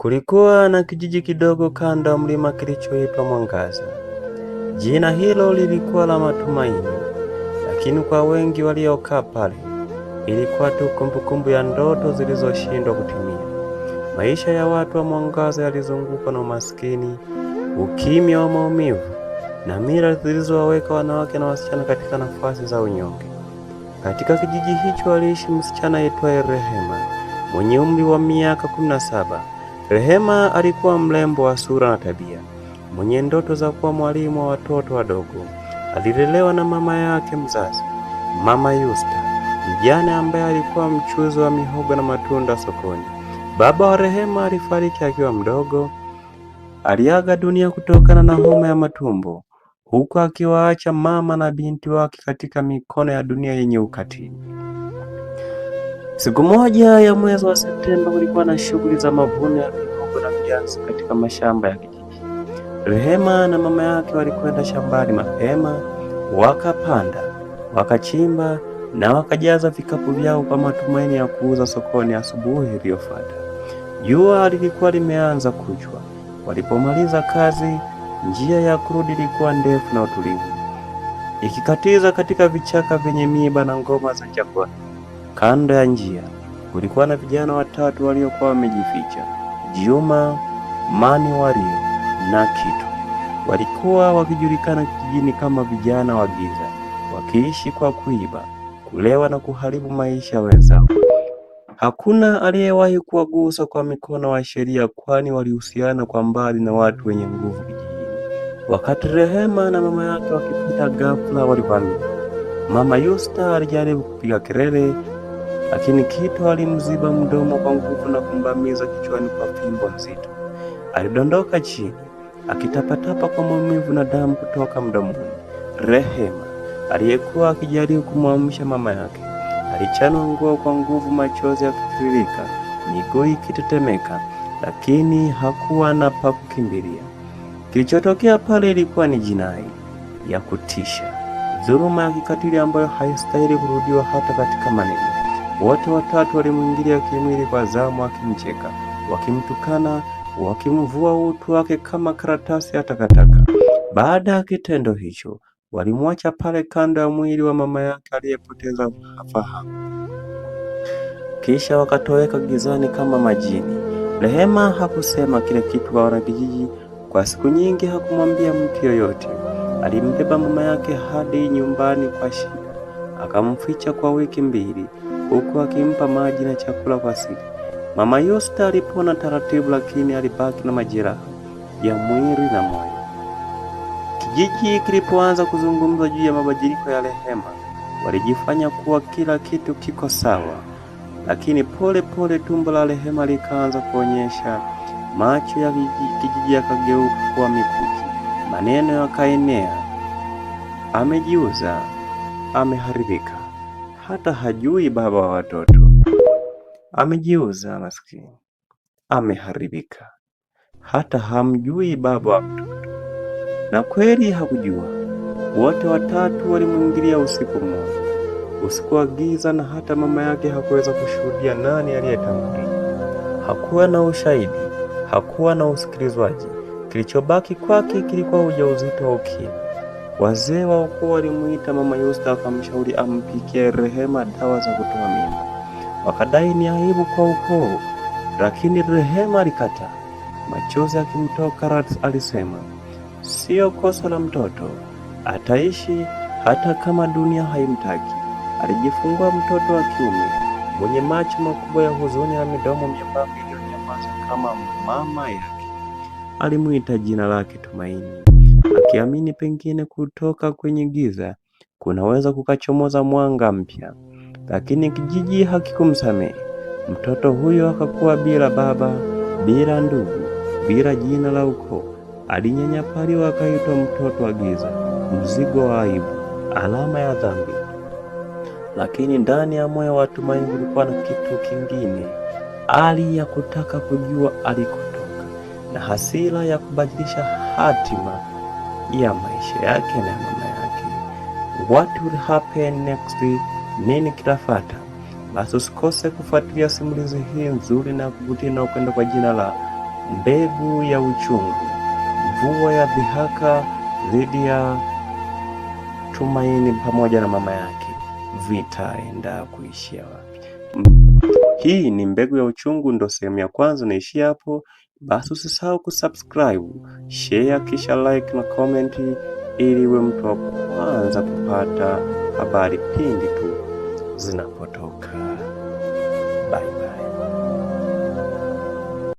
Kulikuwa na kijiji kidogo kando ya mlima kilichoitwa Mwangaza. Jina hilo lilikuwa la matumaini, lakini kwa wengi waliokaa pale ilikuwa tu kumbukumbu ya ndoto zilizoshindwa kutimia. Maisha ya watu wa Mwangaza yalizungukwa na umaskini, ukimya wa maumivu na mila zilizowaweka wanawake na wasichana katika nafasi za unyonge. Katika kijiji hicho aliishi msichana aitwaye Rehema mwenye umri wa miaka kumi na saba. Rehema alikuwa mrembo wa sura na tabia, mwenye ndoto za kuwa mwalimu wa watoto wadogo. Alilelewa na mama yake mzazi, Mama Yusta, mjane ambaye alikuwa mchuzi wa mihogo na matunda sokoni. Baba wa Rehema alifariki akiwa mdogo. Aliaga dunia kutokana na homa ya matumbo, huku akiwaacha mama na binti wake katika mikono ya dunia yenye ukatili. Siku moja ya mwezi wa Septemba kulikuwa na shughuli za mavuno ya mihogo na viazi katika mashamba ya kijiji. Rehema na mama yake walikwenda shambani mapema, wakapanda, wakachimba na wakajaza vikapu vyao kwa matumaini ya kuuza sokoni asubuhi iliyofuata. Jua lilikuwa limeanza kuchwa. Walipomaliza kazi, njia ya kurudi ilikuwa ndefu na utulivu, ikikatiza katika vichaka vyenye miiba na ngoma za jangwani. Kando ya njia kulikuwa na vijana watatu waliokuwa wamejificha: Juma, mani Maniwario na Kitu. Walikuwa wakijulikana kijijini kama vijana wa giza, wakiishi kwa kuiba, kulewa na kuharibu maisha ya wenzao. Hakuna aliyewahi kuwagusa kwa mikono wa sheria, kwani walihusiana kwa mbali na watu wenye nguvu kijijini. Wakati Rehema na mama yake wakipita, ghafla walivamia. Mama Yusta alijaribu kupiga kelele lakini kitu alimziba mdomo kwa nguvu na kumbamiza kichwani kwa fimbo nzito. Alidondoka chini akitapatapa kwa maumivu na damu kutoka mdomoni. Rehema aliyekuwa akijaribu kumwamsha mama yake alichanwa nguo kwa nguvu, machozi yakitiririka, miguu ikitetemeka, lakini hakuwa na pa kukimbilia. Kilichotokea pale ilikuwa ni jinai ya kutisha, dhuluma ya kikatili ambayo haistahili kurudiwa hata katika maneno. Wote watatu walimwingilia kimwili kwa zamu, wakimcheka, wakimtukana, wakimvua utu wake kama karatasi ya takataka. Baada ya kitendo hicho, walimwacha pale kando ya mwili wa mama yake aliyepoteza fahamu, kisha wakatoweka gizani kama majini. Rehema hakusema kile kitu kwa wanakijiji. Kwa siku nyingi hakumwambia mtu yoyote. Alimbeba mama yake hadi nyumbani kwa shida, akamficha kwa wiki mbili huku akimpa maji na chakula kwa siri. Mama Yosta alipona taratibu, lakini alibaki na majeraha ya mwili na moyo. Kijiji kilipoanza kuzungumza juu ya mabadiliko ya Rehema, walijifanya kuwa kila kitu kiko sawa, lakini pole pole tumbo la Rehema likaanza kuonyesha, macho ya kijiji yakageuka kuwa mikuki, maneno yakaenea, amejiuza, ameharibika hata hajui baba wa watoto. Amejiuza maskini, ameharibika, hata hamjui baba wa mtoto. Na kweli hakujua. Wote watatu walimwingilia usiku mmoja, usiku wa giza, na hata mama yake hakuweza kushuhudia nani aliyetangulia. Hakuwa na ushahidi, hakuwa na usikilizwaji. Kilichobaki kwake kilikuwa ujauzito wa ukimya. Wazee wa ukoo walimuita mama Yusta wakamshauri ampikie Rehema dawa za kutoa mimba, wakadai ni aibu kwa ukoo, lakini Rehema alikataa. Machozi akimtoka Rats alisema, siyo kosa la mtoto, ataishi hata kama dunia haimtaki. Alijifungua mtoto wa kiume mwenye macho makubwa ya huzuni na midomo myembamba iliyonyamaza kama mama yake. Alimuita jina lake Tumaini. Ukiamini pengine kutoka kwenye giza kunaweza kukachomoza mwanga mpya, lakini kijiji hakikumsamehe. Mtoto huyo akakuwa bila baba, bila ndugu, bila jina la ukoo. Alinyanyapaliwa, akaitwa mtoto wa giza, mzigo wa aibu, alama ya dhambi. Lakini ndani ya moyo wa Tumaini kulikuwa na kitu kingine, ali ya kutaka kujua alikotoka na hasira ya kubadilisha hatima ya maisha yake na mama yake. What will happen next week? Nini kitafata? Basi usikose kufuatilia simulizi hii nzuri na kuvutia na kwenda kwa jina la Mbegu ya Uchungu, Mvua ya Dhihaka dhidi ya Tumaini pamoja na mama yake. Vita enda kuishia wapi? Hii ni Mbegu ya Uchungu, ndo sehemu ya kwanza naishia hapo. Basi usisahau kusubscribe, share, kisha like na comment ili uwe mtu wa kwanza kupata habari pindi tu zinapotoka. Bye bye.